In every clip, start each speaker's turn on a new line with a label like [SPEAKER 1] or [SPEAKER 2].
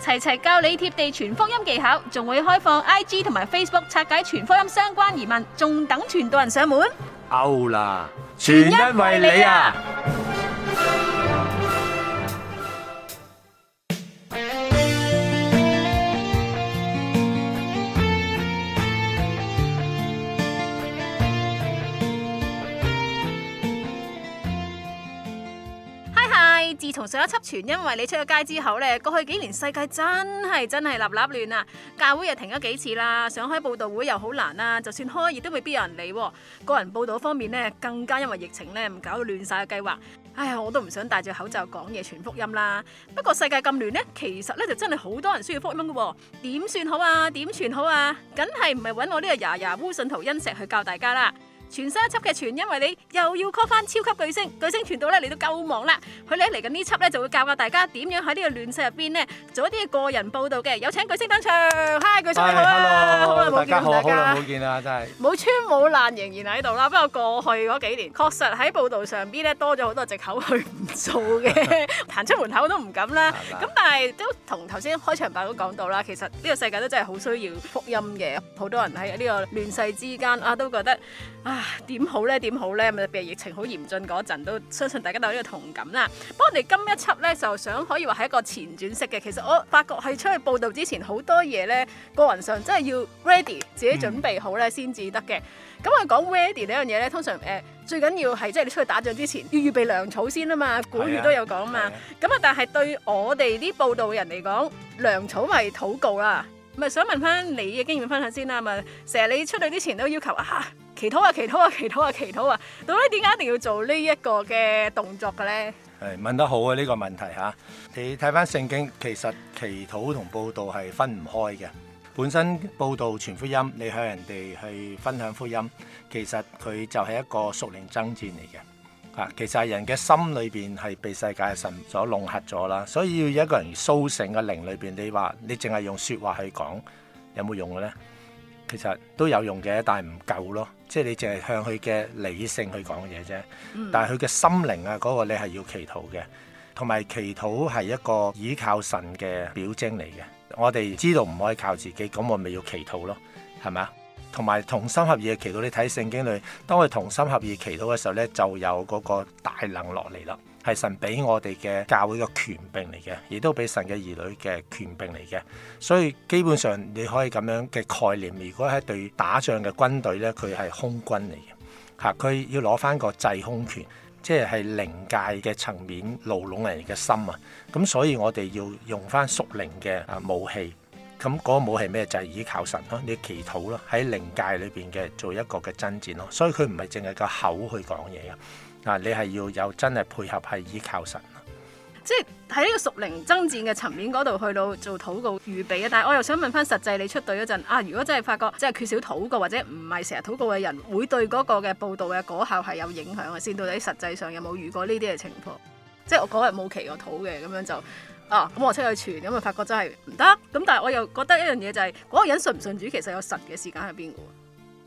[SPEAKER 1] 齊齊教你貼地傳福音技巧，仲會開放 IG 同埋 Facebook 拆解傳福音相關疑問，仲等傳道人上門。
[SPEAKER 2] out 啦，全因為你啊！
[SPEAKER 1] 自從上一輯傳因為你出咗街之後咧，過去幾年世界真係真係立立亂啊！教會又停咗幾次啦，想開佈道會又好難啦，就算開亦都未必有人嚟。個人佈道方面呢，更加因為疫情呢，唔搞到亂晒嘅計劃。哎呀，我都唔想戴住口罩講嘢傳福音啦。不過世界咁亂呢，其實呢，就真係好多人需要福音嘅。點算好啊？點傳好啊？梗係唔係揾我呢個牙牙烏信徒恩石去教大家啦。全新一輯嘅全，因為你又要 call 翻超級巨星，巨星傳到咧，你都夠忙啦。佢哋嚟緊呢輯咧就會教下大家點樣喺呢個亂世入邊咧做一啲個人報道嘅。有請巨星登場，嗨巨星！係 hello, 好耐冇見大家,大家，冇見啦，真係冇穿冇爛，仍然喺度啦。不過過去嗰幾年，確實喺報道上邊咧多咗好多藉口去唔做嘅， 彈出門口都唔敢啦。咁 但係都同頭先開場白都講到啦，其實呢個世界都真係好需要福音嘅。好多人喺呢個亂世之間啊，都覺得點好咧？點好咧？咪譬如疫情好嚴峻嗰陣，都相信大家都有呢個同感啦。不過我哋今一輯咧，就想可以話係一個前傳式嘅。其實我發覺係出去報道之前，好多嘢咧，個人上真係要 ready，自己準備好咧先至得嘅。咁啊、嗯，講 ready 呢樣嘢咧，通常誒、呃、最緊要係即係你出去打仗之前要預備糧草先啊嘛，古語都有講啊嘛。咁啊，但係對我哋啲報道人嚟講，糧草咪禱告啦。咪想問翻你嘅經驗分享先啦，咪成日你出去之前都要求啊，祈禱啊，祈禱啊，祈禱啊，祈禱啊，到底點解一定要做呢一個嘅動作嘅咧？
[SPEAKER 2] 誒，問得好啊，呢、呢個問題嚇、啊，你睇翻聖經，其實祈禱同佈道係分唔開嘅。本身佈道傳福音，你向人哋去分享福音，其實佢就係一個屬靈爭戰嚟嘅。啊，其實係人嘅心裏邊係被世界神所弄合咗啦，所以要一個人甦醒嘅靈裏邊，你話你淨係用説話去講有冇用嘅咧？其實都有用嘅，但係唔夠咯，即係你淨係向佢嘅理性去講嘢啫。但係佢嘅心靈啊，嗰個你係要祈禱嘅，同埋祈禱係一個倚靠神嘅表徵嚟嘅。我哋知道唔可以靠自己，咁我咪要祈禱咯，係咪？同埋同心合意嘅祈禱，你睇聖經裏，當佢同心合意祈禱嘅時候呢，就有嗰個大能落嚟啦。係神俾我哋嘅教會嘅權柄嚟嘅，亦都俾神嘅兒女嘅權柄嚟嘅。所以基本上你可以咁樣嘅概念，如果係對打仗嘅軍隊呢，佢係空軍嚟嘅，吓佢要攞翻個制空權，即係係靈界嘅層面牢攏人嘅心啊。咁所以我哋要用翻屬靈嘅武器。咁嗰個武係咩？就係依靠神咯，你祈禱咯，喺靈界裏邊嘅做一個嘅爭戰咯。所以佢唔係淨係個口去講嘢嘅，嗱你係要有真係配合係依靠神啊。
[SPEAKER 1] 即係喺呢個屬靈爭戰嘅層面嗰度去到做禱告預備啊！但係我又想問翻實際，你出隊嗰陣啊，如果真係發覺即係缺少禱告或者唔係成日禱告嘅人，會對嗰個嘅佈道嘅果效係有影響啊？先到底實際上有冇遇過呢啲嘅情況？即係我嗰日冇祈過禱嘅，咁樣就。啊！咁我出去傳，咁啊發覺真係唔得。咁但係我又覺得一樣嘢就係、是，嗰、那個人信唔信主，其實有神嘅時間喺邊嘅，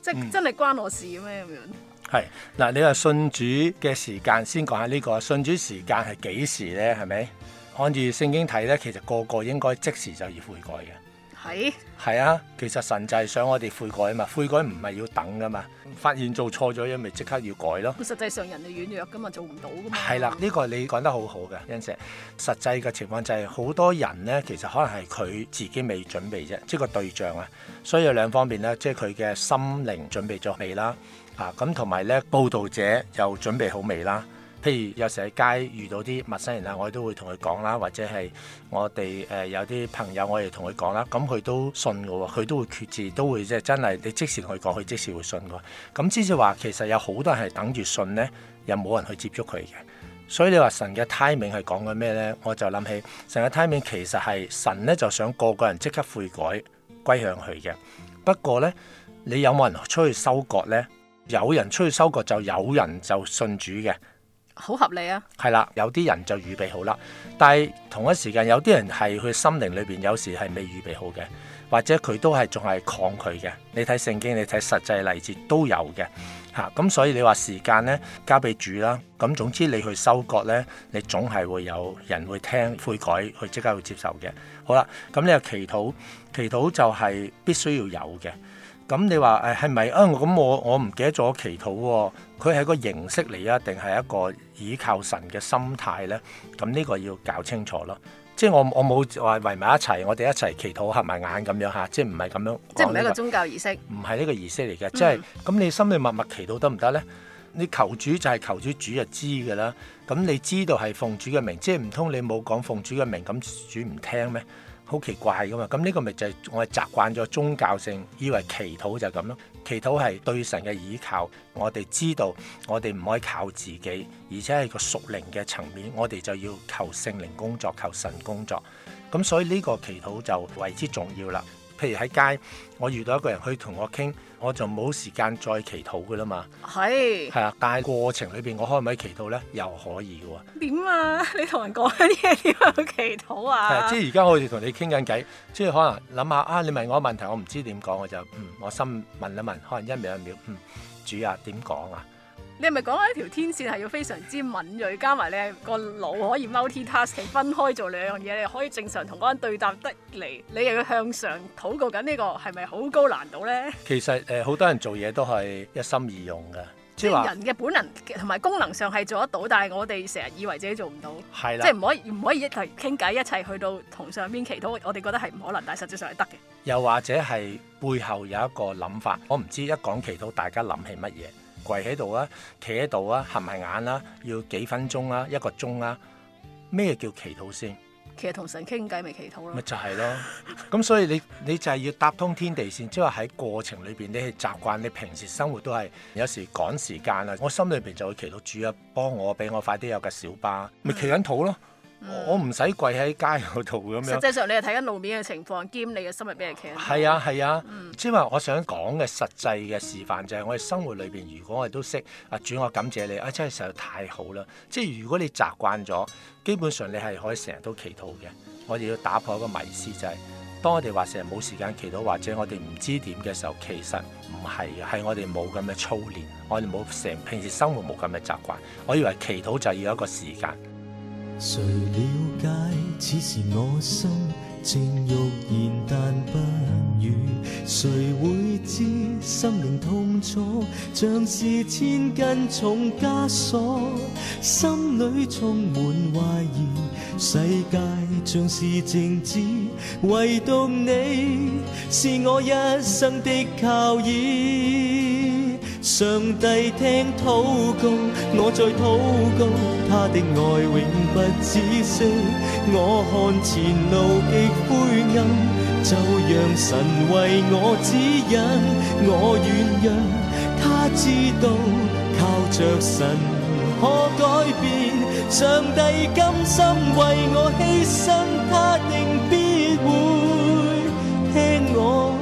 [SPEAKER 1] 即係真係關我事咩咁樣？
[SPEAKER 2] 係嗱、嗯，你話信主嘅時間，先講下呢、這個。信主時間係幾時呢？係咪？按住聖經睇呢，其實個個應該即時就要悔改嘅。係，係是啊，其實神就係想我哋悔改啊嘛，悔改唔係要等噶嘛，發現做錯咗，咪即刻要改咯。實際上人哋軟弱噶嘛，做唔到噶嘛。係啦的，呢、嗯、個你講得好好嘅，欣石。實際嘅情況就係好多人呢，其實可能係佢自己未準備啫，即、就、係、是、個對象啊。所以有兩方面呢，即係佢嘅心靈準備咗未啦，啊咁同埋呢，佈道者又準備好了未啦。譬如有時喺街遇到啲陌生人啦，我哋都會同佢講啦，或者係我哋誒有啲朋友，我哋同佢講啦，咁佢都信嘅喎，佢都會決志，都會即係真係你即時同佢講，佢即時會信嘅。咁即時話其實有好多人係等住信咧，又冇人去接觸佢嘅，所以你話神嘅 timing 係講緊咩咧？我就諗起神嘅 timing 其實係神咧就想個個人即刻悔改歸向佢嘅。不過咧，你有冇人出去收割咧？有人出去收割就有人就信主嘅。好合理啊！係啦，有啲人就預備好啦，但係同一時間有啲人係佢心靈裏邊有時係未預備好嘅，或者佢都係仲係抗拒嘅。你睇聖經，你睇實際例子都有嘅吓。咁、啊、所以你話時間呢，交俾主啦，咁總之你去收割呢，你總係會有人會聽悔改去即刻去接受嘅。好啦，咁你就祈禱，祈禱就係必須要有嘅。咁你話誒係咪啊？咁我我唔記得咗祈禱喎、哦。佢係個形式嚟啊，定係一個倚靠神嘅心態咧？咁呢個要搞清楚咯。即係我我冇話圍埋一齊，我哋一齊祈禱合埋眼咁樣吓，即係唔係咁樣？即係唔係一個
[SPEAKER 1] 宗教儀式？
[SPEAKER 2] 唔係呢個儀式嚟嘅，即係咁、嗯、你心裏默默祈禱得唔得咧？你求主就係求主，主就知㗎啦。咁你知道係奉主嘅名，即係唔通你冇講奉主嘅名，咁主唔聽咩？好奇怪噶嘛？咁呢個咪就係我哋習慣咗宗教性，以為祈禱就係咁咯。祈禱係對神嘅倚靠，我哋知道我哋唔可以靠自己，而且係個屬靈嘅層面，我哋就要求聖靈工作，求神工作。咁所以呢個祈禱就為之重要啦。譬如喺街，我遇到一個人去同我傾，我就冇時間再祈禱嘅啦嘛。
[SPEAKER 1] 係是，係啊，
[SPEAKER 2] 但係過程裏邊我可唔可以祈禱咧？又可以嘅喎。
[SPEAKER 1] 點啊？你同人講啲嘢點樣要祈禱啊？即係而
[SPEAKER 2] 家我哋同你傾緊偈，即係可能諗下啊，你問我問題，我唔知點講，我就嗯，我心問一問，可能一秒一秒，嗯，主啊，點講啊？
[SPEAKER 1] 你係咪講緊一條天線係要非常之敏鋭，加埋你個腦可以 multitask 分開做兩樣嘢，你可以正常同嗰人對答得嚟，你又要向上禱告緊，呢個係咪好高難度呢？
[SPEAKER 2] 其實誒，好多人做嘢都係一心二用嘅，即係人
[SPEAKER 1] 嘅本能同埋功能上係做得到，但係我哋成日以為自己做唔到，即係唔可以唔可以一齊傾偈一齊去到同上邊祈禱。我哋覺得係唔可能，但係實際上係得嘅。
[SPEAKER 2] 又或者係背後有一個諗法，我唔知一講祈禱大家諗起乜嘢？跪喺度啊，企喺度啊，合埋眼啦，要幾分鐘啊，一個鐘啊，咩叫祈禱先？
[SPEAKER 1] 其實同神傾偈咪祈禱咯。咪
[SPEAKER 2] 就係咯，咁 所以你你就係要搭通天地線，即係話喺過程裏邊，你係習慣你平時生活都係有時趕時間啦，我心裏邊就會祈禱，主啊，幫我俾我快啲有個小巴，咪、嗯、祈緊禱咯。嗯、我唔使跪喺街嗰度咁樣。實際
[SPEAKER 1] 上你係睇緊路面嘅情況，兼你嘅心入邊嘅期
[SPEAKER 2] 望。係啊係啊，即係話我想講嘅實際嘅示範就係我哋生活裏邊，如果我哋都識啊主，我感謝你啊，真係實在太好啦！即係如果你習慣咗，基本上你係可以成日都祈禱嘅。我哋要打破一個迷思，就係、是、當我哋話成日冇時間祈禱，或者我哋唔知點嘅時候，其實唔係嘅，係我哋冇咁嘅操練，我哋冇成平時生活冇咁嘅習慣。我以為祈禱就要一個時間。
[SPEAKER 3] 誰了解此時我心正欲言但不語？誰會知心靈痛楚像是千斤重枷鎖？心裏充滿懷疑，世界像是靜止，唯獨你是我一生的靠倚。上帝聽禱告，我在禱告，他的愛永不止息。我看前路極灰暗，就讓神為我指引。我願讓他知道，靠着神可改變。上帝甘心為我犧牲，他定必會聽我。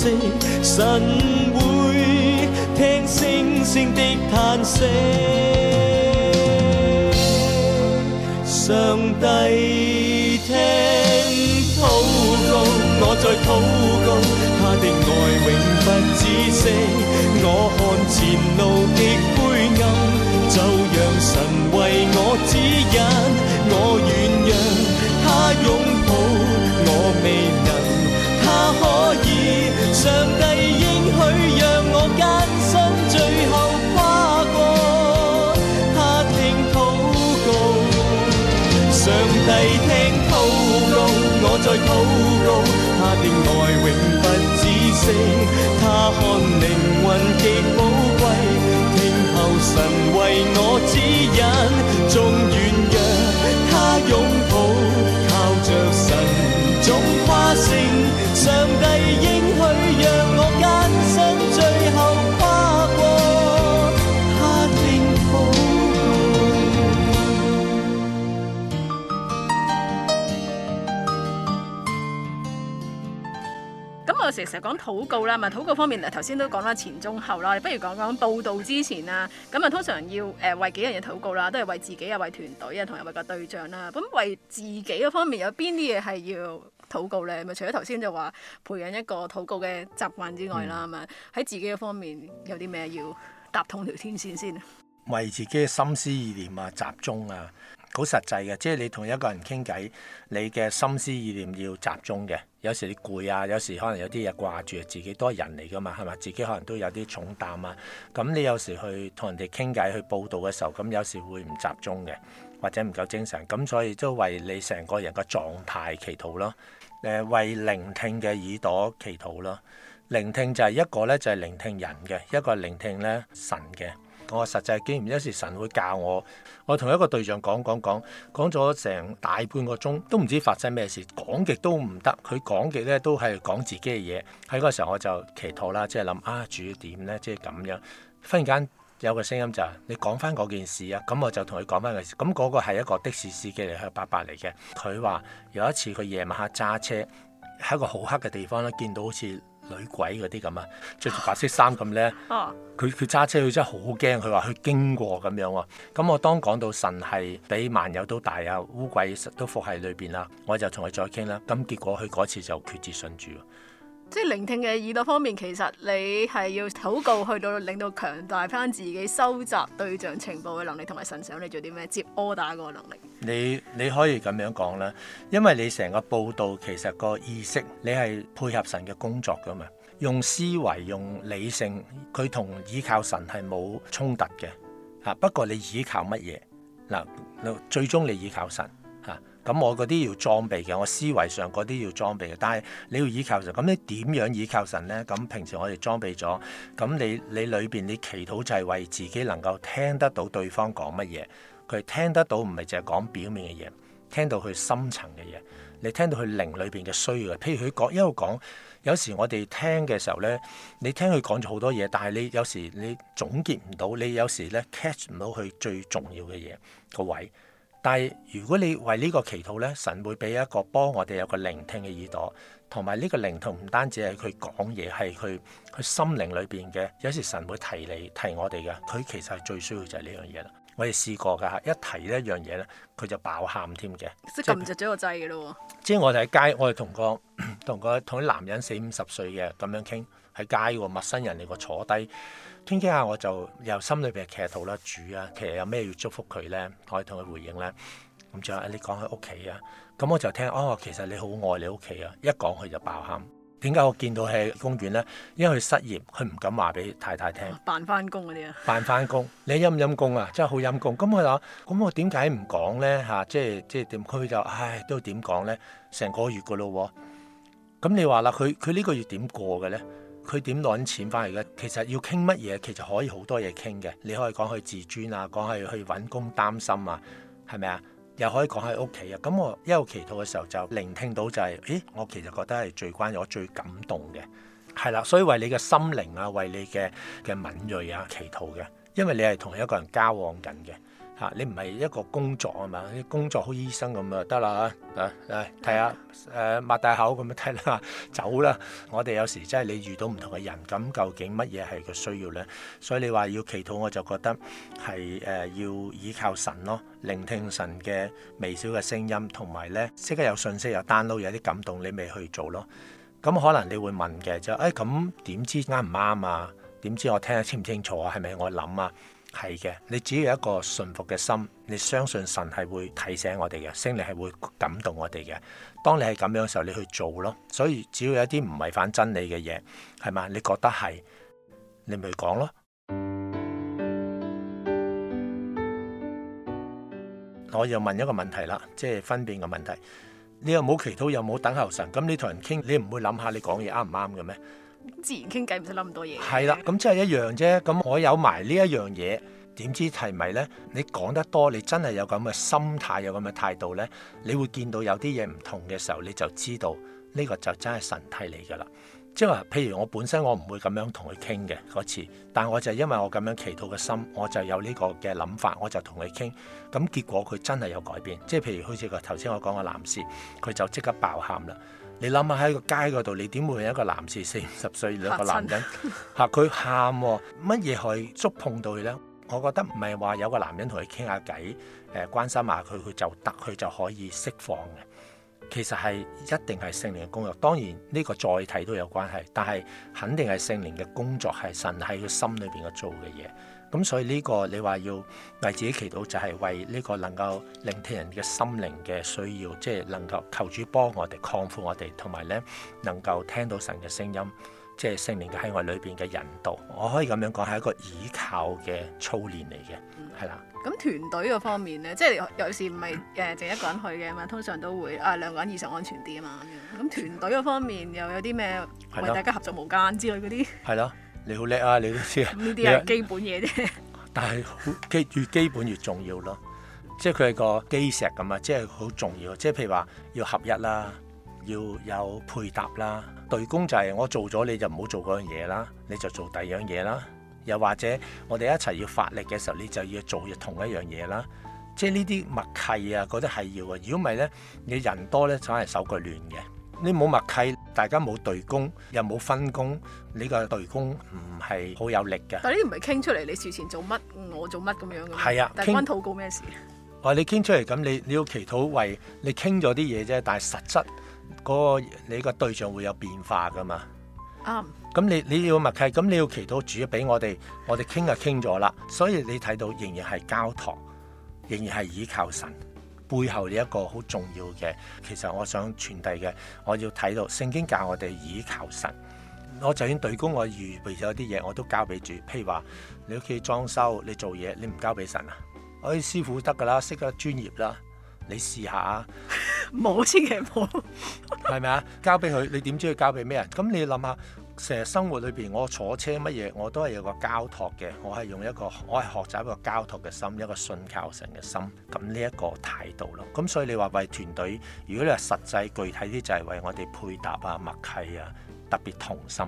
[SPEAKER 3] 神會聽星星的嘆息，上帝聽禱告，我在禱告，他的愛永不止息，我看前路。他看。
[SPEAKER 1] 成日講禱告啦，咪禱告方面，頭先都講啦前中後啦，你不如講講報道之前啊，咁啊通常要誒為幾樣嘢禱告啦，都係為自己啊、為團隊啊、同埋為個對象啦。咁為自己嘅方面有邊啲嘢係要禱告咧？咪除咗頭先就話培養一個禱告嘅習慣之外啦，咁啊喺自己嘅方面有啲咩要搭通條天線先？
[SPEAKER 2] 為自己嘅心思意念啊集中啊。好實際嘅，即係你同一個人傾偈，你嘅心思意念要集中嘅。有時你攰啊，有時可能有啲嘢掛住自己，都係人嚟噶嘛，係咪？自己可能都有啲重擔啊。咁你有時去同人哋傾偈、去報道嘅時候，咁有時會唔集中嘅，或者唔夠精神。咁所以都為你成個人嘅狀態祈禱咯。誒，為聆聽嘅耳朵祈禱咯。聆聽就係一個咧，就係聆聽人嘅；一個聆聽咧神嘅。我實際經驗，有時神會教我。我同一個對象講講講講咗成大半個鐘，都唔知發生咩事。講極都唔得，佢講極咧都係講自己嘅嘢。喺、那、嗰個時候我就祈禱啦，即係諗啊主點咧，即係咁樣。忽然間有個聲音就係、你講翻嗰件事啊，咁我就同佢講翻件事。咁嗰個係一個的士司機嚟，係伯伯嚟嘅。佢話有一次佢夜晚黑揸車喺一個好黑嘅地方咧，見到好似。女鬼嗰啲咁啊，着住白色衫咁咧，佢佢揸車，佢真係好驚，佢話佢經過咁樣喎。咁我當講到神係比萬有都大啊，烏鬼都服喺裏邊啦，我就同佢再傾啦。咁結果佢嗰次就決志信主。
[SPEAKER 1] 即係聆聽嘅耳朵方面，其實你係要禱告去到令到強大翻自己收集對象情報嘅能力，同埋神想你做啲咩接 order 個能力。
[SPEAKER 2] 你你可以咁樣講啦，因為你成個報道其實個意識，你係配合神嘅工作噶嘛。用思維、用理性，佢同依靠神係冇衝突嘅啊。不過你依靠乜嘢嗱？最終你依靠神。咁我嗰啲要裝備嘅，我思維上嗰啲要裝備嘅，但係你要倚靠神。咁你點樣倚靠神咧？咁平時我哋裝備咗，咁你你裏邊你祈禱就係為自己能夠聽得到對方講乜嘢，佢聽得到唔係淨係講表面嘅嘢，聽到佢深層嘅嘢，你聽到佢靈裏邊嘅需要。譬如佢講一路講，有時我哋聽嘅時候咧，你聽佢講咗好多嘢，但係你有時你總結唔到，你有時咧 catch 唔到佢最重要嘅嘢個位。但係如果你為呢個祈禱咧，神會俾一個幫我哋有個聆聽嘅耳朵，同埋呢個聆聽唔單止係佢講嘢，係佢佢心靈裏邊嘅。有時神會提你提我哋嘅，佢其實係最需要就係呢樣嘢啦。我哋試過㗎嚇，一提呢一樣嘢呢，佢就爆喊添嘅。即係撳
[SPEAKER 1] 著咗個掣嘅咯喎！
[SPEAKER 2] 即係我哋喺街，我哋同個同個同啲男人四五十歲嘅咁樣傾喺街喎，陌生人嚟個坐低。傾傾下我就由心裏邊祈禱啦，主啊，其實有咩要祝福佢咧，可以同佢回應咧。咁仲有你講佢屋企啊，咁我就聽哦，其實你好愛你屋企啊，一講佢就爆喊。點解我見到喺公園咧？因為佢失業，佢唔敢話俾太太聽。
[SPEAKER 1] 扮翻工嗰啲
[SPEAKER 2] 啊？扮翻工，你陰唔陰功啊，真係好陰功。咁佢話：咁我點解唔講咧？嚇、嗯啊，即係即係點？佢、嗯、就唉，都點講咧？成個月噶咯喎。咁、嗯、你話啦，佢佢呢個月點過嘅咧？佢點攞緊錢翻嚟嘅？其實要傾乜嘢？其實可以好多嘢傾嘅。你可以講佢自尊啊，講係去揾工擔心啊，係咪啊？又可以講喺屋企啊。咁我一路祈禱嘅時候就聆聽到就係、是，咦，我其實覺得係最關我最感動嘅，係啦。所以為你嘅心靈啊，為你嘅嘅敏鋭啊祈禱嘅，因為你係同一個人交往緊嘅。嚇！你唔係一個工作係嘛？你工作好醫生咁啊得啦嚇！啊啊睇下誒擘大口咁啊睇啦走啦！我哋有時真係你遇到唔同嘅人，咁究竟乜嘢係個需要咧？所以你話要祈禱，我就覺得係誒、呃、要依靠神咯，聆聽神嘅微小嘅聲音，同埋咧即刻有信息、又 download、有啲感動，你咪去做咯。咁可能你會問嘅就誒咁點知啱唔啱啊？點知我聽得清唔清楚啊？係咪我諗啊？係嘅，你只要有一個信服嘅心，你相信神係會提醒我哋嘅，聖靈係會感動我哋嘅。當你係咁樣嘅時候，你去做咯。所以只要有一啲唔違反真理嘅嘢，係嘛？你覺得係，你咪講咯。 我又問一個問題啦，即係分辨嘅問題。你又冇祈禱，又冇等候神，咁你同人傾，你唔會諗下你講嘢啱唔啱嘅咩？
[SPEAKER 1] 自然傾偈唔使諗咁多嘢，
[SPEAKER 2] 係啦。咁即係一樣啫。咁我有埋呢一樣嘢，點知係咪呢？你講得多，你真係有咁嘅心態，有咁嘅態度呢，你會見到有啲嘢唔同嘅時候，你就知道呢個就真係神蹟嚟噶啦。即係話，譬如我本身我唔會咁樣同佢傾嘅嗰次，但我就因為我咁樣祈禱嘅心，我就有呢個嘅諗法，我就同佢傾。咁結果佢真係有改變。即係譬如好似個頭先我講個男士，佢就即刻爆喊啦。你諗下喺個街嗰度，你點會有一個男士四五十歲，兩個男人 嚇佢喊喎？乜嘢去以觸碰到佢呢？我覺得唔係話有個男人同佢傾下偈，誒關心下佢，佢就得，佢就可以釋放嘅。其實係一定係聖靈嘅工作。當然呢個再睇都有關係，但係肯定係聖靈嘅工作，係神喺佢心裏邊嘅做嘅嘢。咁所以呢個你話要為自己祈禱，就係、是、為呢個能夠聆聽人嘅心靈嘅需要，即係能夠求主幫我哋擴闊我哋，同埋咧能夠聽到神嘅聲音，即係聖靈嘅喺我裏邊嘅引導。我可以咁樣講，係一個倚靠嘅操練嚟嘅，係啦、嗯。
[SPEAKER 1] 咁團隊嗰方面咧，即係有時唔係誒淨一個人去嘅嘛，通常都會啊兩個人以上安全啲啊嘛咁樣。咁團隊嗰方面又有啲咩？為吧大家合作無間之類嗰啲。
[SPEAKER 2] 係啦吧。你好叻啊！你都知，呢啲係基
[SPEAKER 1] 本嘢啫。
[SPEAKER 2] 但係越基本越重要咯，即係佢係個基石咁啊，即係好重要。即係譬如話要合一啦，要有配搭啦，隊公就係我做咗你就唔好做嗰樣嘢啦，你就做第二樣嘢啦。又或者我哋一齊要發力嘅時候，你就要做同一樣嘢啦。即係呢啲默契啊，嗰啲係要嘅。如果唔係咧，你人多咧，就係手腳亂嘅。你冇默契，大家冇隊公，又冇分工，你個隊公唔係好有力嘅。但係
[SPEAKER 1] 呢唔係傾出嚟，你事前做乜，我做乜咁樣嘅？係啊，但係關禱告咩事？
[SPEAKER 2] 我你傾出嚟咁，你你，你要祈禱為你傾咗啲嘢啫，但係實質嗰、那個、你個對象會有變化噶嘛。啱、um。咁你你要默契，咁你要祈禱主俾我哋，我哋傾就傾咗啦。所以你睇到仍然係交託，仍然係倚靠神。背後呢一個好重要嘅，其實我想傳遞嘅，我要睇到聖經教我哋倚靠神。我就算對公，我預備咗啲嘢，我都交俾主。譬如話你屋企裝修，你做嘢，你唔交俾神啊？我、哎、啲師傅得噶啦，識得專業啦，你試下啊？冇千祈冇，係咪啊？交俾佢，你點知佢交俾咩人？咁你諗下。成日生活裏邊，我坐車乜嘢，我都係有個交託嘅。我係用一個，我係學習一個交託嘅心，一個信靠神嘅心。咁呢一個態度咯。咁所以你話為團隊，如果你係實際具體啲，就係為我哋配搭啊、默契啊，特別同心。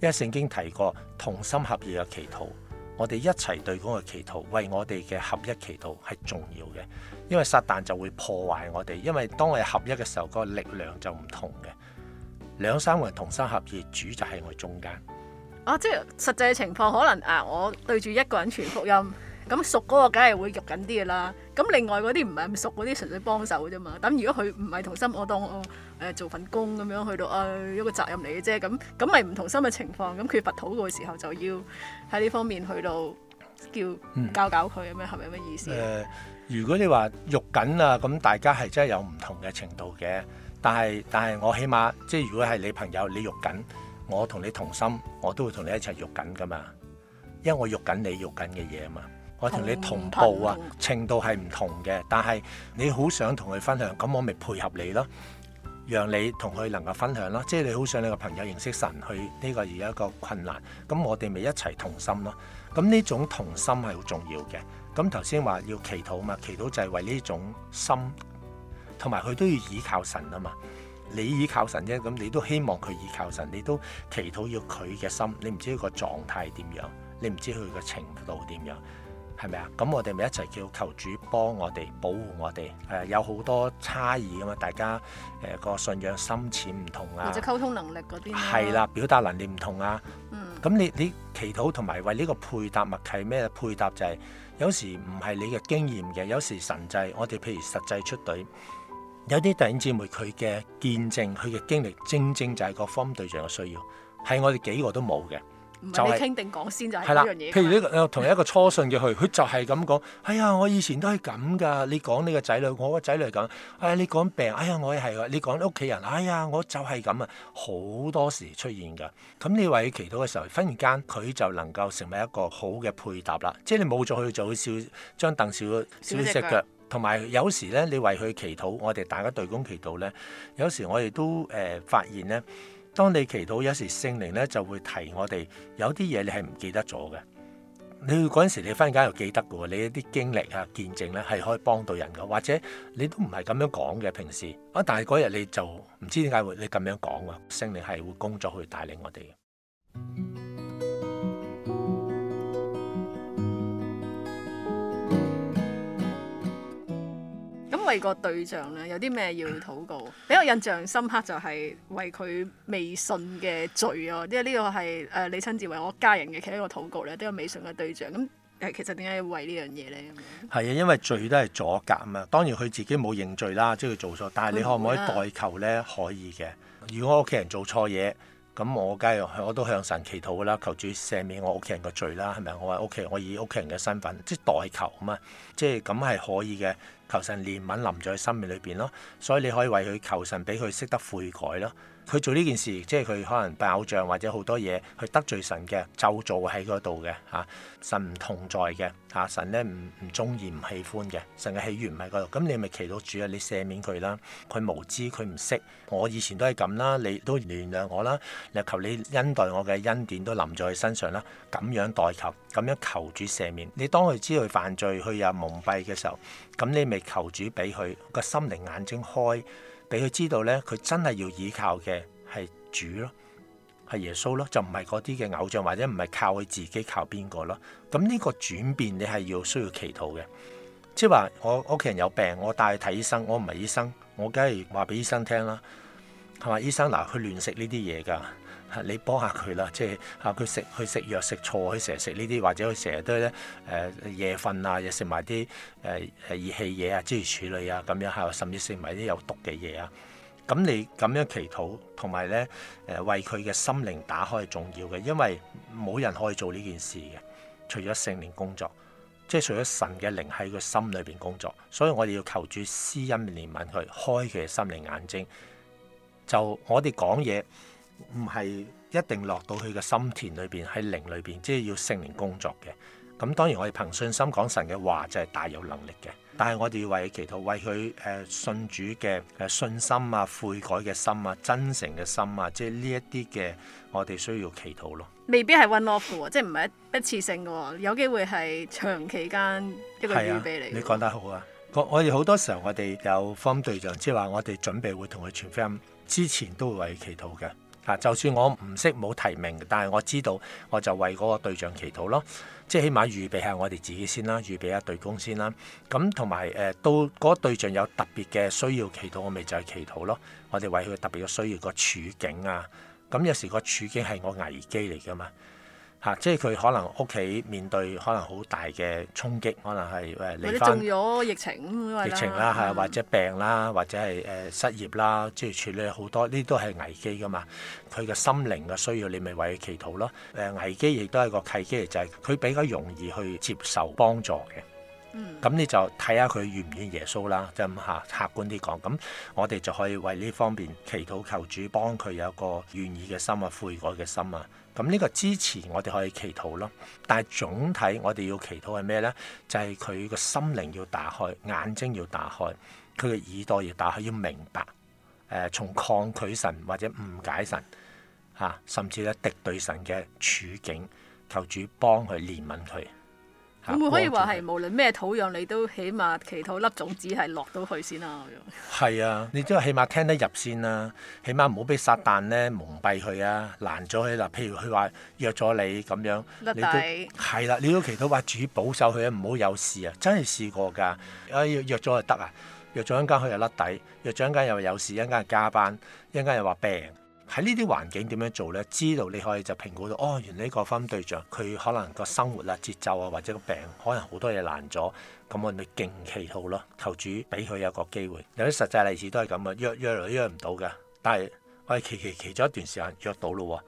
[SPEAKER 2] 因為聖經提過同心合意嘅祈禱，我哋一齊對嗰個祈禱，為我哋嘅合一祈禱係重要嘅。因為撒旦就會破壞我哋，因為當我哋合一嘅時候，嗰個力量就唔同嘅。兩三個人同心合意，主就喺我中間。
[SPEAKER 1] 啊，即係實際嘅情況，可能啊，我對住一個人傳福音，咁熟嗰個梗係會喐緊啲嘅啦。咁另外嗰啲唔係咁熟嗰啲，純粹幫手啫嘛。咁如果佢唔係同心，我當誒做份工咁樣去到啊一個責任嚟嘅啫。咁咁咪唔同心嘅情況，咁缺乏土嗰個時候，就要喺呢方面去到叫教教佢咁樣，係咪咁嘅意思？
[SPEAKER 2] 誒，如果你話喐緊啊，咁、嗯、大家係真係有唔同嘅程度嘅。但係但係我起碼，即係如果係你朋友你肉緊，我同你同心，我都會同你一齊肉緊噶嘛，因為我肉緊你肉緊嘅嘢嘛，我同你同步啊，分程度係唔同嘅，但係你好想同佢分享，咁我咪配合你咯，讓你同佢能夠分享咯，即係你好想你個朋友認識神，去呢個而家一個困難，咁我哋咪一齊同心咯，咁呢種同心係好重要嘅，咁頭先話要祈禱啊嘛，祈禱就係為呢種心。同埋佢都要倚靠神啊嘛，你倚靠神啫，咁你都希望佢倚靠神，你都祈禱要佢嘅心，你唔知佢個狀態點樣，你唔知佢個程度點樣，係咪啊？咁我哋咪一齊叫求主幫我哋保護我哋，誒、啊、有好多差異噶嘛，大家誒、呃、個信仰深淺唔同啊，或者溝
[SPEAKER 1] 通能力嗰啲、啊，係
[SPEAKER 2] 啦，表達能力唔同啊，嗯，咁你你祈禱同埋為呢個配搭默契咩？配搭就係有時唔係你嘅經驗嘅，有時神制，我哋譬如實際出隊。有啲弟兄姊妹佢嘅見證，佢嘅經歷，正正就係福音對象嘅需要，係我哋幾個都冇嘅。就係傾
[SPEAKER 1] 定講先就係呢樣嘢。的譬如呢個 同一個
[SPEAKER 2] 初信嘅佢，佢就係咁講：哎呀，我以前都係咁㗎。你講你個仔女，我個仔女咁，哎呀，你講病，哎呀，我係㗎。你講屋企人，哎呀，我就係咁啊！好多時出現㗎。咁你為祈禱嘅時候，忽然間佢就能夠成為一個好嘅配搭啦。即係你冇咗佢，就會少張凳少少隻腳。 同埋有時咧，你為佢祈禱，我哋大家對公祈禱咧，有時我哋都誒發現咧，當你祈禱有時聖靈咧就會提我哋，有啲嘢你係唔記得咗嘅。你嗰陣時你返緊又記得嘅喎，你一啲經歷啊見證咧係可以幫到人嘅，或者你都唔係咁樣講嘅平時啊，但係嗰日你就唔知點解會你咁樣講喎，聖靈係會工作去帶領我哋嘅。
[SPEAKER 1] 為個對象咧，有啲咩要禱告？俾我印象深刻就係為佢未信嘅罪啊！因為呢個係誒你親自為我家人嘅其中一個禱告咧，都、這、有、個、未信嘅對象。咁誒，其實點解要為，為呢樣嘢咧？
[SPEAKER 2] 係啊，因為罪都係阻隔啊嘛。當然佢自己冇認罪啦，即、就、係、是、做錯。但係你可唔可以代求咧？的可以嘅。如果我屋企人做錯嘢。咁我梗係我都向神祈禱啦，求主赦免我屋企人嘅罪啦，係咪？我話屋企人，我以屋企人嘅身份，即係代求啊嘛，即係咁係可以嘅。求神憐憫臨在佢生命裏邊咯，所以你可以為佢求神俾佢識得悔改咯。佢做呢件事，即係佢可能拜偶像或者好多嘢，佢得罪神嘅，就做喺嗰度嘅嚇，神唔同在嘅嚇、啊，神咧唔唔中意唔喜歡嘅，神嘅起源唔喺嗰度。咁你咪祈禱主啊，你赦免佢啦，佢無知佢唔識，我以前都係咁啦，你都原諒我啦，你求你恩待我嘅恩典都臨在佢身上啦，咁樣代求，咁樣求主赦免。你當佢知道佢犯罪，佢又蒙蔽嘅時候，咁你咪求主俾佢個心靈眼睛開。俾佢知道咧，佢真係要依靠嘅係主咯，係耶穌咯，就唔係嗰啲嘅偶像，或者唔係靠佢自己，靠邊個咯？咁、這、呢個轉變，你係要需要祈禱嘅。即係話，我屋企人有病，我帶去睇醫生，我唔係醫生，我梗係話俾醫生聽啦。係咪？醫生嗱，佢亂食呢啲嘢噶。你幫下佢啦，即係嚇佢食去食藥食錯，佢成日食呢啲，或者佢成日都咧誒、呃、夜瞓啊，又食埋啲誒誒熱氣嘢啊，諸如此類啊咁樣嚇，甚至食埋啲有毒嘅嘢啊。咁你咁樣祈禱同埋咧誒，為佢嘅心靈打開係重要嘅，因為冇人可以做呢件事嘅，除咗聖靈工作，即係除咗神嘅靈喺佢心裏邊工作，所以我哋要求主施恩憐憫佢，開佢嘅心靈眼睛。就我哋講嘢。唔係一定落到佢嘅心田裏邊喺靈裏邊，即係要聖靈工作嘅。咁當然我哋憑信心講神嘅話就係大有能力嘅。但係我哋要為佢祈禱為佢誒信主嘅信心啊、悔改嘅心啊、真誠嘅心啊，即係呢一啲嘅我哋需要祈禱咯。
[SPEAKER 1] 未必係 one off 即係唔係一一次性嘅，有機會係長期間一個預備嚟，啊。你
[SPEAKER 2] 講得好啊！我哋好多時候我哋有方對象，即係話我哋準備會同佢傳福音之前都會為佢祈禱嘅。就算我唔識冇提名，但係我知道，我就為嗰個對象祈禱咯。即係起碼預備下我哋自己先啦，預備下對公先啦。咁同埋誒，到嗰個對象有特別嘅需要祈禱，我咪就係祈禱咯。我哋為佢特別嘅需要、個處境啊。咁有時個處境係個危機嚟㗎嘛。嚇、啊！即係佢可能屋企面對可能好大嘅衝擊，可能係誒離婚。你、呃、中
[SPEAKER 1] 咗疫情疫情啦、啊，係、嗯、或者
[SPEAKER 2] 病啦、啊，或者係誒、呃、失業啦、啊，即係處理好多呢啲都係危機噶嘛。佢嘅心靈嘅需要，你咪為佢祈禱咯。誒、呃、危機亦都係個契機嚟，就係、是、佢比較容易去接受幫助嘅。咁、嗯、你就睇下佢願唔願耶穌啦，咁吓客觀啲講，咁我哋就可以為呢方面祈禱，求主幫佢有個願意嘅心啊、悔改嘅心啊。咁呢個支持，我哋可以祈禱咯，但係總體我哋要祈禱係咩咧？就係佢個心靈要打開，眼睛要打開，佢嘅耳朵要打開，要明白，誒、呃，從抗拒神或者誤解神吓、啊，甚至咧敵對神嘅處境，求主幫佢憐憫佢。會唔會可以話係
[SPEAKER 1] 無論咩土壤，你都起碼祈禱粒種子係落到去先啦，咁
[SPEAKER 2] 係啊，你都起碼聽得入先啦、啊，起碼唔好俾撒旦咧蒙蔽佢啊，攔咗佢嗱。譬如佢話約咗你咁樣，底你都係啦、啊，你都祈禱話、啊、主保守佢啊，唔好有事啊。真係試過㗎，哎約咗就得啊，約咗一間佢又甩底，約咗一間又話有事，一間加班，一間又話病。呃喺呢啲環境點樣做呢？知道你可以就評估到哦，原來呢個分對象佢可能個生活啊、節奏啊，或者個病可能好多嘢難咗，咁我咪勁祈禱咯，求主俾佢有個機會。有啲實際例子都係咁啊，約約嚟都約唔到噶，但係我哋祈禱祈咗一段時間約到咯喎。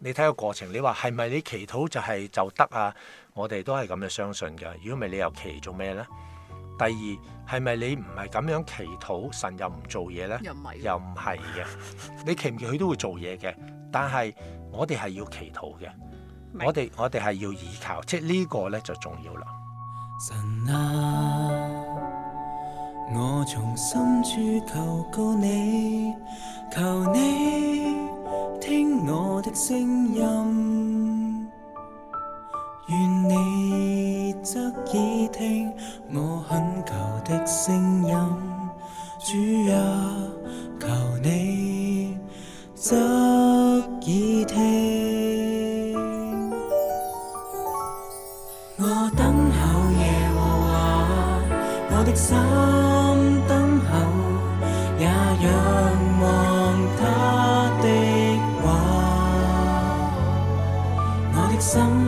[SPEAKER 2] 你睇個過程，你話係咪你祈禱就係就得啊？我哋都係咁樣相信嘅。如果唔係，你又祈做咩呢？第二係咪你唔係咁樣祈禱，神又唔做嘢呢？又唔係嘅， 你祈唔祈佢都會做嘢嘅。但係我哋係要祈禱嘅白，我哋我哋係要倚靠，即係呢個呢就重要啦。神啊，
[SPEAKER 4] 我從深處求告你，求你聽我嘅聲音。願你側耳聽我懇求的聲音，主呀、啊，求你側耳聽。 我等候耶和華，我的心等候，也仰望他的話。我的心。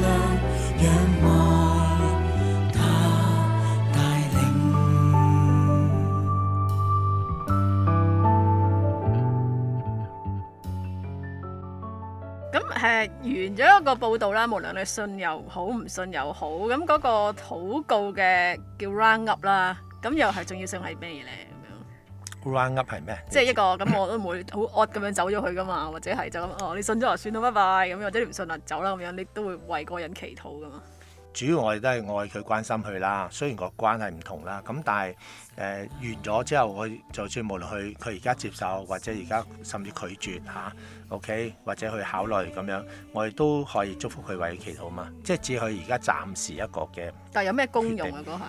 [SPEAKER 1] 係完咗一個報道啦，無論你信又好唔信又好，咁嗰個禱告嘅叫 round up 啦，咁又係重要性係咩嘢咧？咁
[SPEAKER 2] 樣 round up 係咩？即係一個
[SPEAKER 1] 咁 我都唔會好惡咁樣走咗去噶嘛，或者係就咁哦，你信咗就算啦，拜拜咁樣，或者你唔信就走啦咁樣，你都會為個人祈禱噶嘛。
[SPEAKER 2] 主要我哋都係愛佢、關心佢啦。雖然個關係唔同啦，咁但係誒、呃、完咗之後，我就算無論佢佢而家接受或者而家甚至拒絕嚇、啊、，OK，或者去考慮咁樣，我哋都可以祝福佢為佢祈禱嘛。即係只佢而家暫時一個嘅。
[SPEAKER 1] 但係有咩功用啊？嗰下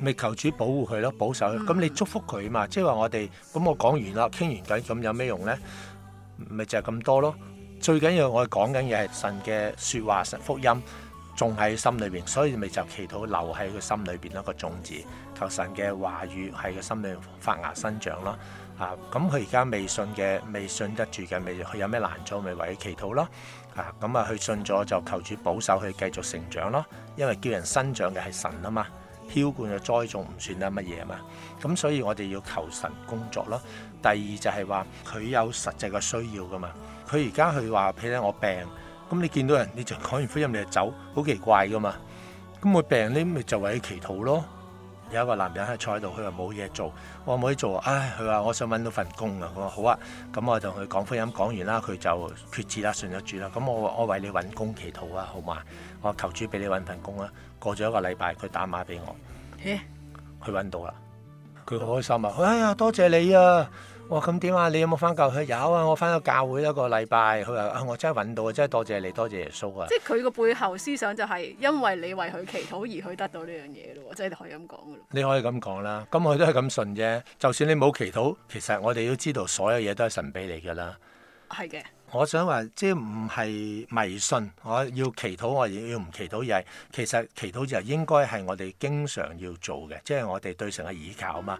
[SPEAKER 2] 咪求主保護佢咯，保守佢。咁、嗯、你祝福佢嘛？即係話我哋咁、嗯、我講完啦，傾完偈咁有咩用咧？咪就係、是、咁多咯。最緊要我哋講緊嘢係神嘅説話、神福音，種喺心裏邊，所以咪就祈禱留喺佢心裏邊一個種子，求神嘅話語喺佢心裏發芽生長啦。啊，咁佢而家未信嘅，未信得住嘅，未佢有咩難做咪為佢祈禱咯。啊，咁啊，佢信咗就求主保守佢繼續成長咯。因為叫人生長嘅係神啊嘛，澆灌嘅栽種唔算得乜嘢啊嘛。咁所以我哋要求神工作咯。第二就係話佢有實際嘅需要噶嘛。佢而家佢話，譬如我病。咁你見到人，你就講完福音，你就走，好奇怪㗎嘛？咁我病，你咪就為佢祈禱咯。有一個男人喺坐喺度，佢話冇嘢做，我話冇嘢做啊，唉、哎，佢話我想揾到份工啊，佢話好啊，咁我就去講福音，講完啦，佢就決志啦，順咗主啦。咁我我為你揾工祈禱啊，好嘛？我求主俾你揾份工啦。過咗一個禮拜，佢打電話俾我，佢揾到啦，佢好開心啊，哎呀，多謝你啊！哇！咁點、哦、啊？你有冇翻教去？佢有啊！我翻咗教會一個禮拜，佢話啊，我真係揾到啊，真係多謝你，多謝耶穌啊！即係
[SPEAKER 1] 佢個背後思想就係因為你為佢祈禱而去得到呢樣嘢咯，即係可以咁講噶
[SPEAKER 2] 咯。你可以咁講啦，咁佢都係咁信啫。就算你冇祈禱，其實我哋都知道所有嘢都係神俾你噶啦。
[SPEAKER 1] 係嘅。
[SPEAKER 2] 我想話即係唔係迷信，我要祈禱，我要唔祈禱，又係其實祈禱就應該係我哋經常要做嘅，即係我哋對神嘅倚靠啊嘛。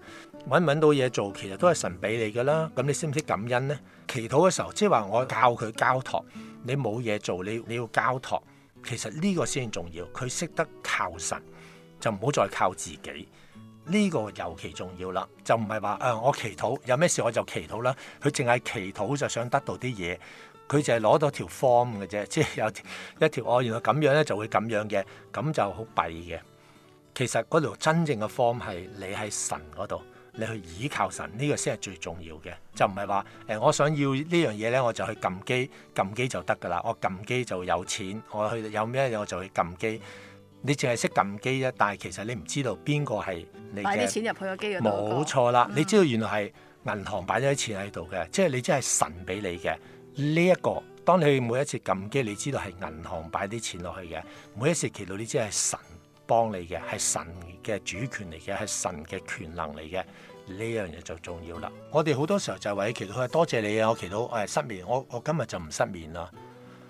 [SPEAKER 2] 揾唔揾到嘢做，其實都係神俾你噶啦。咁你識唔識感恩呢？祈禱嘅時候，即係話我教佢交託，你冇嘢做，你你要交託，其實呢個先重要。佢識得靠神，就唔好再靠自己。呢個尤其重要啦，就唔係話誒，我祈禱有咩事我就祈禱啦。佢淨係祈禱就想得到啲嘢。佢就係攞到條 form 嘅啫，即係有一條哦，原來咁樣咧就會咁樣嘅，咁就好弊嘅。其實嗰條真正嘅 form 係你喺神嗰度，你去倚靠神呢、呢個先係最重要嘅，就唔係話誒我想要呢樣嘢咧，我就去撳機，撳機就得噶啦。我撳機就有錢，我去有咩嘢我就去撳機。你淨係識撳機啫，但係其實你唔知道邊、邊個係你啲錢
[SPEAKER 1] 入去個機嘅。冇
[SPEAKER 2] 錯啦，嗯、你知道原來係銀行擺咗啲錢喺度嘅，即係你真係神俾你嘅。呢一個，當你每一次撳機，你知道係銀行擺啲錢落去嘅；每一次祈禱，你知係神幫你嘅，係神嘅主權嚟嘅，係神嘅權能嚟嘅。呢樣嘢就重要啦。我哋好多時候就係為祈禱，多謝你啊！我祈禱誒、哎、失眠，我我今日就唔失眠啦。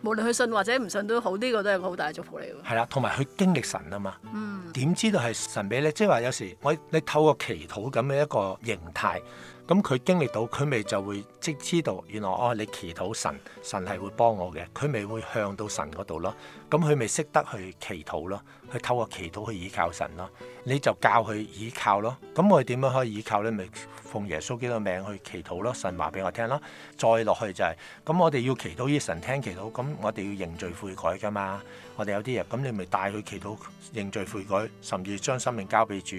[SPEAKER 1] 無論佢信或者唔信都好，呢個都係個好大祝福
[SPEAKER 2] 嚟嘅。係啦，同埋佢經歷神啊嘛。嗯。點知道係神畀你？即係話有時我你透過祈禱咁嘅一個形態。咁佢經歷到，佢咪就會即知道，原來哦，你祈禱神，神係會幫我嘅，佢咪會向到神嗰度咯。咁佢咪識得去祈禱咯，去透過祈禱去依靠神咯。你就教佢依靠咯。咁我哋點樣可以依靠咧？咪奉耶穌基督名去祈禱咯。神話俾我聽咯。再落去就係、是，咁、嗯、我哋要祈禱依神聽祈禱。咁、嗯、我哋要認罪悔改噶嘛。我哋有啲嘢，咁、嗯、你咪帶佢祈禱認罪悔改，甚至將生命交俾主。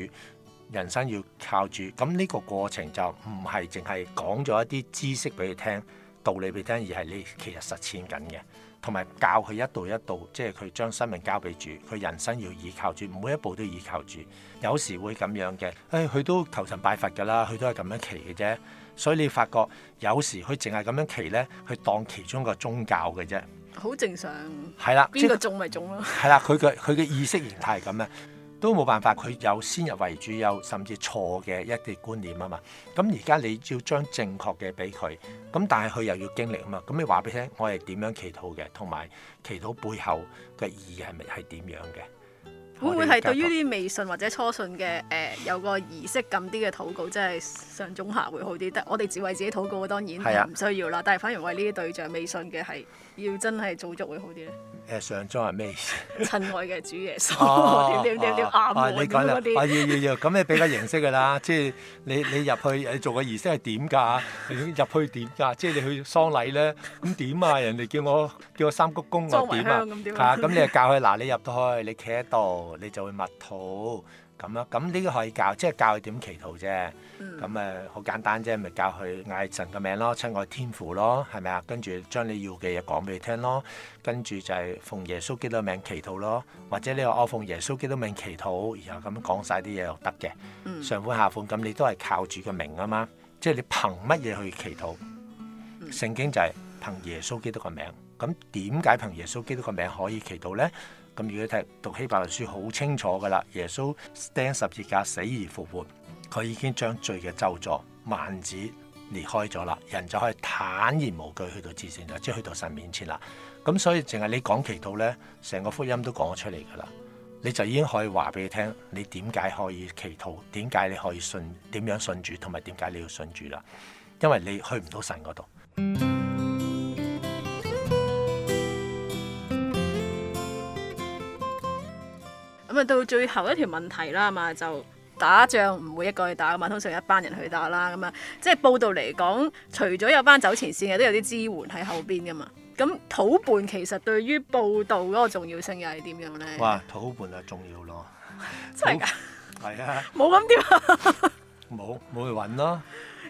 [SPEAKER 2] 人生要靠主，咁呢個過程就唔係淨係講咗一啲知識俾你聽，道理俾你聽，而係你其實實踐緊嘅，同埋教佢一道一道，即係佢將生命交俾主，佢人生要依靠主，每一步都依靠主。有時會咁樣嘅，誒、哎，佢都求神拜佛㗎啦，佢都係咁樣祈嘅啫。所以你發覺有時佢淨係咁樣祈呢，佢當其中一個宗教嘅啫。
[SPEAKER 1] 好正常。係啦，邊個種咪種咯？
[SPEAKER 2] 係啦，佢嘅佢嘅意識形態係咁樣。都冇辦法，佢有先入為主，有甚至錯嘅一啲觀念啊嘛。咁而家你要將正確嘅俾佢，咁但係佢又要經歷啊嘛。咁你話俾佢聽，我係點樣祈禱嘅，同埋祈禱背後嘅意義係咪係點樣嘅？會唔會係對於啲
[SPEAKER 1] 微信或者初信嘅誒、呃，有個儀式感啲嘅禱告，即係上中下會好啲？得我哋只為自己禱告，當然係唔需要啦。是啊、但係反而為呢啲對象微信嘅係。要真係做足會
[SPEAKER 2] 好啲咧。誒，上莊係咩意思？
[SPEAKER 1] 親愛嘅主耶穌，啲啲啲啲啊，你講啦。啊，要要
[SPEAKER 2] 要，咁你比較形式嘅啦，即係你你入去誒做個儀式係點㗎？入去點㗎？即係你去喪禮咧，咁點啊？人哋叫我叫我三鞠躬咁點啊？係啊，咁你就教佢嗱，你入到去，你企喺度，你就會默禱咁啦。咁呢個可以教，即係教佢點祈禱啫。咁誒好簡單啫，咪、就是、教佢嗌神嘅名咯，親愛天父咯，係咪啊？跟住將你要嘅嘢講俾你聽咯，跟住就係奉耶穌基督嘅名祈禱咯，或者你話我、哦、奉耶穌基督嘅名祈禱，然後咁講晒啲嘢又得嘅。嗯、上款下款，咁你都係靠住個名啊嘛，即係你憑乜嘢去祈禱？聖經就係憑耶穌基督嘅名。咁點解憑耶穌基督嘅名可以祈禱咧？咁如果你睇讀希伯來書好清楚噶啦，耶穌釘十字架死而復活。佢已經將罪嘅咒詛幔子裂開咗啦，人就可以坦然無懼去到之前啦，即係去到神面前啦。咁所以，淨係你講祈禱咧，成個福音都講咗出嚟噶啦。你就已經可以話俾你聽，你點解可以祈禱？點解你可以信？點樣信主？同埋點解你要信主啦？因為你去唔到神嗰度。咁
[SPEAKER 1] 啊，到最後一條問題啦，嘛就？打仗唔會一個去打噶嘛，通常一班人去打啦。咁啊，即係報道嚟講，除咗有班走前線嘅，都有啲支援喺後邊噶嘛。咁土伴其實對於報道嗰個重要性又係點樣
[SPEAKER 2] 咧？哇，土伴啊重要咯，真係㗎係啊，冇咁點，冇冇去揾咯，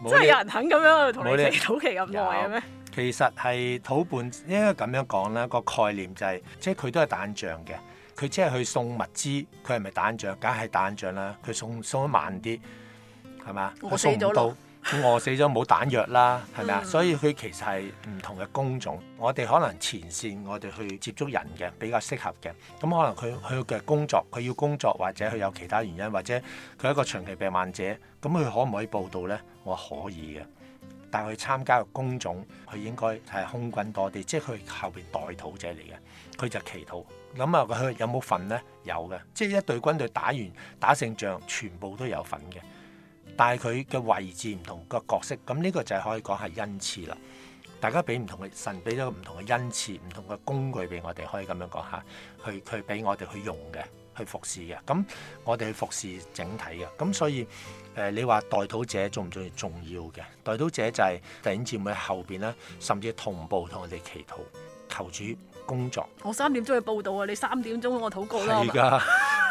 [SPEAKER 2] 真係有人
[SPEAKER 1] 肯咁樣去同你討其咁耐嘅咩？
[SPEAKER 2] 其實係土伴應該咁樣講啦，個概念就係、是、即係佢都係打硬仗嘅。佢即係去送物資，佢係咪戴眼鏡？梗係戴眼鏡啦。佢送送得慢啲，係咪？佢送唔到，餓死咗冇彈藥啦，係咪啊？ 所以佢其實係唔同嘅工種。我哋可能前線，我哋去接觸人嘅比較適合嘅。咁可能佢佢嘅工作，佢要工作或者佢有其他原因，或者佢係一個長期病患者，咁佢可唔可以報到咧？我可以嘅。但佢參加嘅工種，佢應該係空軍多啲，即係佢後邊代禱者嚟嘅，佢就祈禱。諗下佢有冇份呢？有嘅，即係一隊軍隊打完打勝仗，全部都有份嘅。但係佢嘅位置唔同，個角色，咁呢個就係可以講係恩賜啦。大家俾唔同嘅神，俾咗唔同嘅恩賜，唔同嘅工具俾我哋，可以咁樣講下，佢佢俾我哋去用嘅。去服侍嘅，咁我哋去服侍整體嘅，咁所以誒、呃，你話代禱者重唔重要？重要嘅，代禱者就係領袖嘅後邊咧，甚至同步同我哋祈禱求主工作。
[SPEAKER 1] 我三點鐘去報道啊，你三點鐘我禱告啦。
[SPEAKER 2] 係㗎，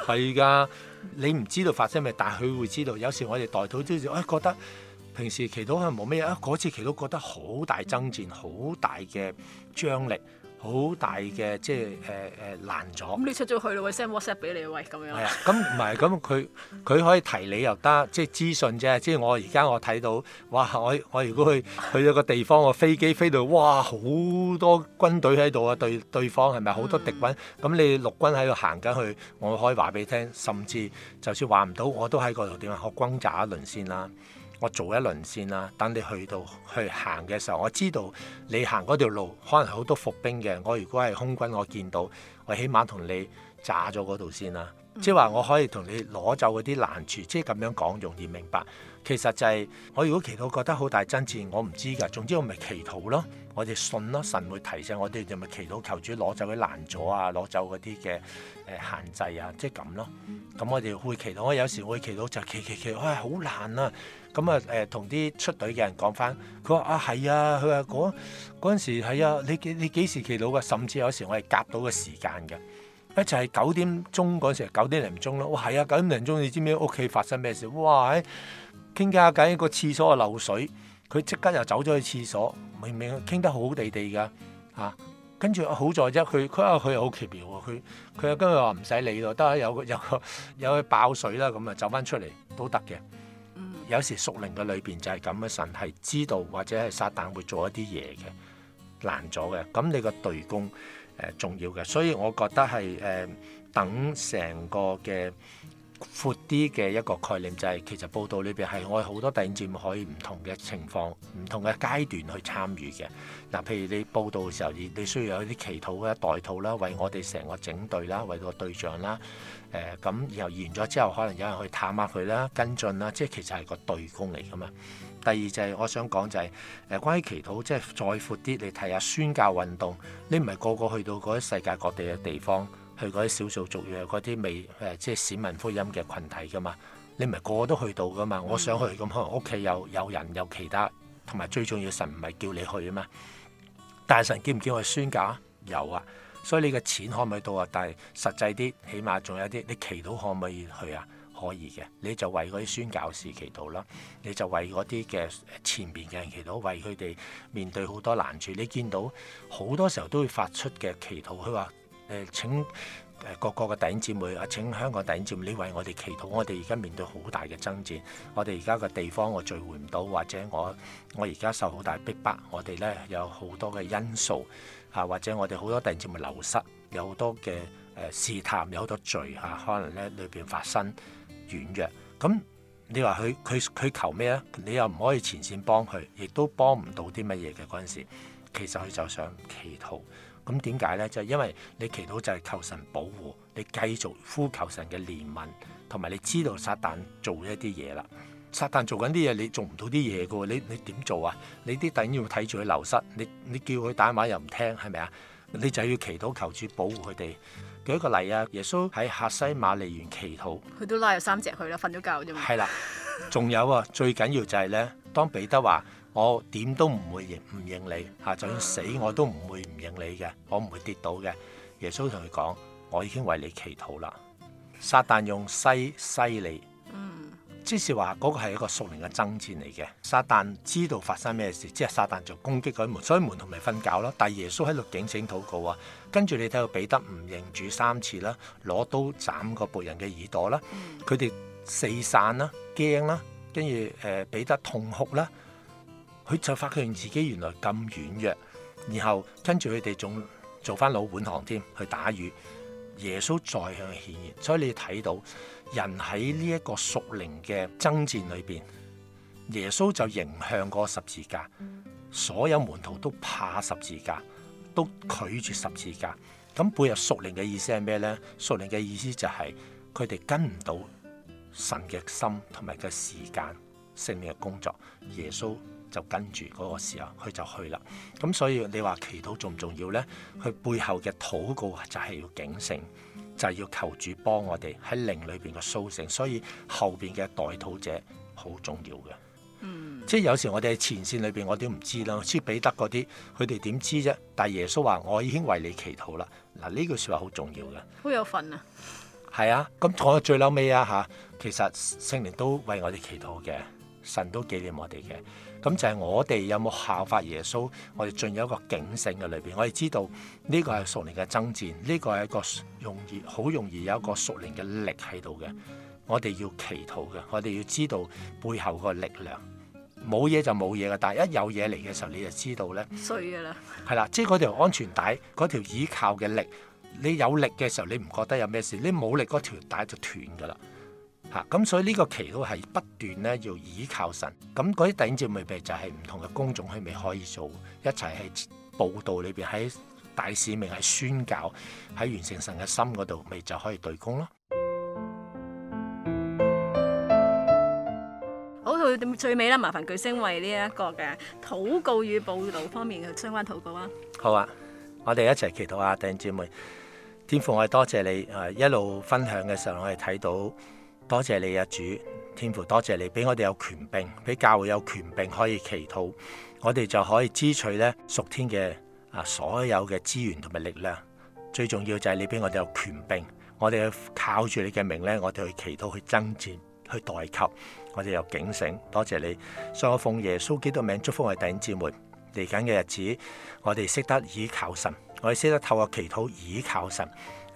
[SPEAKER 2] 係㗎， 你唔知道發生咩，但係佢會知道。有時我哋代禱都誒覺得平時祈禱可能冇咩啊，嗰次祈禱覺得好大爭戰，好大嘅張力。好大嘅即係誒誒難咗。咁、嗯嗯嗯、你
[SPEAKER 1] 出咗去啦，我 send WhatsApp 俾你，喂
[SPEAKER 2] 咁樣。係啊的，咁唔係咁佢佢可以提你又得，即係資訊啫。即係我而家我睇到，哇！我我如果去去咗個地方，個飛機飛到，哇！好多軍隊喺度啊，對對方係咪好多敵軍？咁、嗯嗯、你陸軍喺度行緊去，我可以話俾你聽，甚至就算話唔到，我都喺嗰度點啊，我轟炸一輪先啦。我做一輪先啦，等你去到去行嘅時候，我知道你行嗰條路可能好多伏兵嘅。我如果係空軍，我見到我起碼同你炸咗嗰度先啦，即係話我可以同你攞走嗰啲難處，即係咁樣講容易明白。其實就係、是、我如果祈禱覺得好大爭戰，我唔知㗎。總之我咪祈禱咯，我哋信咯，神會提醒我哋，就咪祈禱求主攞走啲難阻啊，攞走嗰啲嘅誒限制啊，即係咁咯。咁我哋會祈禱，我有時會祈禱就祈禱祈祈，哎，好難啊！咁啊誒，同啲、嗯、出隊嘅人講翻，佢話啊係啊，佢話嗰嗰陣時係啊，你幾你幾時企到㗎？甚至有時我係夾到個時間嘅，一就係、是、九點鐘嗰陣時，九點零鐘咯。哇，係啊，九點零鐘，你知唔知屋企發生咩事？哇喺傾緊下偈，哎那個廁所啊漏水，佢即刻又走咗去廁所，明明傾得好地地㗎嚇。跟、啊、住好在啫，佢佢啊佢又好奇妙喎，佢佢跟住話唔使理咯，得啦，有個有個有去爆水啦，咁啊走翻出嚟都得嘅。有時熟靈嘅裏邊就係咁嘅神係知道，或者係撒旦會做一啲嘢嘅，難咗嘅，咁你個對攻誒、呃、重要嘅，所以我覺得係誒、呃、等成個嘅。闊啲嘅一個概念就係、是、其實報導裏邊係我哋好多弟兄姊妹可以唔同嘅情況、唔同嘅階段去參與嘅。嗱、啊，譬如你報導嘅時候，你需要有啲祈禱嘅代禱啦，為我哋成個整隊啦，為個對象啦。誒、呃，咁然後完咗之後，可能有人去探下佢啦、跟進啦，即係其實係個隊工嚟㗎嘛。第二就係、是、我想講就係、是、誒、呃，關於祈禱即係再闊啲，你睇下宣教運動，你唔係個個去到嗰啲世界各地嘅地方。去嗰啲少數族裔、嗰啲未誒即係未聞福音嘅群體㗎嘛？你唔係個個都去到㗎嘛？我想去咁可能屋企有有人有其他，同埋最重要，神唔係叫你去啊嘛？大神叫唔叫我宣教？有啊，所以你嘅錢可唔可以到啊？但係實際啲，起碼仲有啲你祈禱可唔可以去啊？可以嘅，你就為嗰啲宣教士祈禱啦，你就為嗰啲嘅前面嘅人祈禱，為佢哋面對好多難處。你見到好多時候都會發出嘅祈禱，佢話。誒請誒各國嘅弟兄姊妹，啊請香港弟兄姊妹你為我哋祈禱，我哋而家面對好大嘅爭戰，我哋而家嘅地方我聚會唔到，或者我我而家受好大逼迫，我哋咧有好多嘅因素啊，或者我哋好多弟兄姊妹流失，有好多嘅誒試探，有好多罪嚇，可能咧裏邊發生軟弱。咁你話佢佢佢求咩咧？你又唔可以前線幫佢，亦都幫唔到啲乜嘢嘅嗰陣時，其實佢就想祈禱。咁點解呢？就係因為你祈禱就係求神保護，你繼續呼求神嘅憐憫，同埋你知道撒旦做一啲嘢啦。撒旦做緊啲嘢，你做唔到啲嘢嘅喎。你你點做啊？你啲等要睇住佢流失，你你叫佢打電話又唔聽，係咪啊？你就要祈禱求求主保護佢哋。舉一個例啊，耶穌喺客西馬尼園祈禱，
[SPEAKER 1] 佢都拉三隻有三隻去啦，瞓咗覺啫嘛。係
[SPEAKER 2] 啦，仲有啊，最緊要就係呢。當彼得話。我點都唔會不認唔認你嚇，就算死我都唔會唔認你嘅，我唔會跌倒嘅。耶穌同佢講：我已經為你祈禱啦。撒旦用西西利，即是話嗰個係一個屬靈嘅爭戰嚟嘅。撒旦知道發生咩事，即係撒旦就攻擊佢門，所以門同埋瞓覺啦。但耶穌喺度警醒禱告啊，跟住你睇到彼得唔認主三次啦，攞刀斬個僕人嘅耳朵啦，佢哋四散啦，驚啦，跟住誒彼得痛哭啦。佢就發覺自己原來咁軟弱，然後跟住佢哋仲做翻老本行添，去打魚。耶穌再向顯現，所以你睇到人喺呢一個屬靈嘅爭戰裏邊，耶穌就迎向個十字架，所有門徒都怕十字架，都拒絕十字架。咁背入屬靈嘅意思係咩呢？屬靈嘅意思就係佢哋跟唔到神嘅心同埋嘅時間性命嘅工作，耶穌。就跟住嗰個時候，佢就去啦。咁所以你話祈禱重唔重要呢？佢背後嘅禱告就係要警醒，就係要求主幫我哋喺靈裏邊嘅蘇醒。所以後邊嘅代禱者好重要嘅，即係有時我哋喺前綫裏邊我哋都唔知啦，似彼得嗰啲佢哋點知啫？但係耶穌話我已經為你祈禱啦。嗱，呢句說話好重要嘅，好有份啊，係啊。咁講到最嬲尾啊吓，其實聖靈都為我哋祈禱嘅，神都紀念我哋嘅。咁就係我哋有冇效法耶穌？嗯、我哋進入一個警醒嘅裏邊，我哋知道呢個係屬靈嘅爭戰，呢、這個係一個容易好容易有一個屬靈嘅力喺度嘅。我哋要祈禱嘅，我哋要知道背後個力量。冇嘢就冇嘢嘅，但係一有嘢嚟嘅時候，你就知道咧。衰嘅啦。係啦，即係嗰條安全帶，嗰條依靠嘅力。你有力嘅時候，你唔覺得有咩事？你冇力條帶，嗰條帶就斷㗎啦。嚇咁、嗯，所以呢個祈禱係不斷咧，要倚靠神咁，嗰啲弟兄姊妹就係唔同嘅工種，佢咪可以做一齊去佈道裏邊喺大使命，喺宣教，喺完成神嘅心嗰度，咪就可以對公咯。
[SPEAKER 1] 好到最尾啦！麻煩巨星為呢一個嘅禱告與佈道方面嘅相關禱告啊。
[SPEAKER 2] 好啊，我哋一齊祈禱啊，弟兄姊妹，天父，我哋多謝你誒一路分享嘅時候，我哋睇到。多謝你啊主，天父，多謝你俾我哋有權柄，俾教會有權柄可以祈禱，我哋就可以支取咧屬天嘅啊所有嘅資源同埋力量。最重要就係你俾我哋有權柄，我哋靠住你嘅名咧，我哋去祈禱去爭戰去代求，我哋有警醒。多謝你，所以我奉耶穌基督名祝福我哋弟兄姊妹。嚟緊嘅日子，我哋識得倚靠神，我哋識得透過祈禱倚靠神。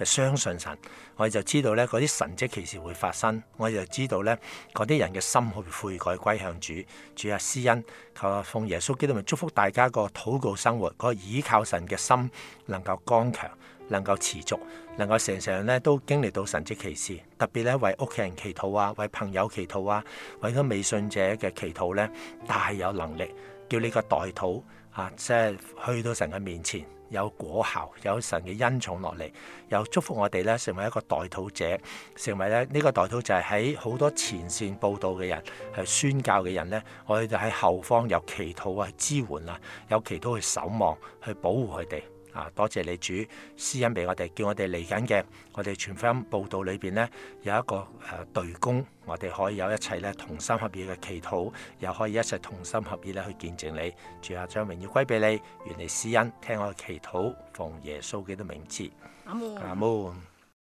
[SPEAKER 2] 相信神，我就知道咧，嗰啲神蹟奇事會發生。我就知道咧，嗰啲人嘅心去悔改歸向主，主啊施恩，求阿奉耶穌基督名祝福大家個禱告生活，個倚靠神嘅心能夠剛強，能夠持續，能夠成成日咧都經歷到神蹟奇事。特別咧為屋企人祈禱啊，為朋友祈禱啊，為嗰未信者嘅祈禱咧，大有能力叫你個代禱啊，即係去到神嘅面前。有果效，有神嘅恩寵落嚟，又祝福我哋咧，成為一個代禱者，成為咧呢個代禱就係喺好多前線報道嘅人，係宣教嘅人咧，我哋就喺後方有祈禱啊，支援啊，有祈禱去守望，去保護佢哋。啊！多謝你主施恩俾我哋，叫我哋嚟緊嘅，我哋全篇報道裏邊呢，有一個誒隊、啊、工，我哋可以有一齊咧同心合意嘅祈禱，又可以一齊同心合意咧去見證你，住下將榮耀歸俾你，原嚟施恩聽我嘅祈禱，奉耶穌基督嘅名字。阿門。阿門。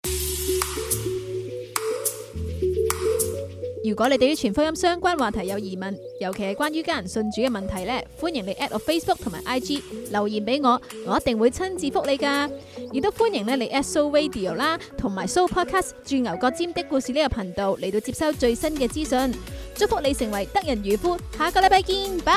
[SPEAKER 2] Amen.、啊
[SPEAKER 1] 如果你對於全福音相關話題有疑問，尤其係關於家人信主嘅問題咧，歡迎你 at 我 Facebook 同埋 IG 留言俾我，我一定會親自覆你噶。亦都歡迎咧嚟 at Soul Radio 啦，同埋 Soul Podcast《鑽牛角尖的故事》呢個頻道嚟到接收最新嘅資訊。祝福你成為得人如歡，下個禮拜見，拜。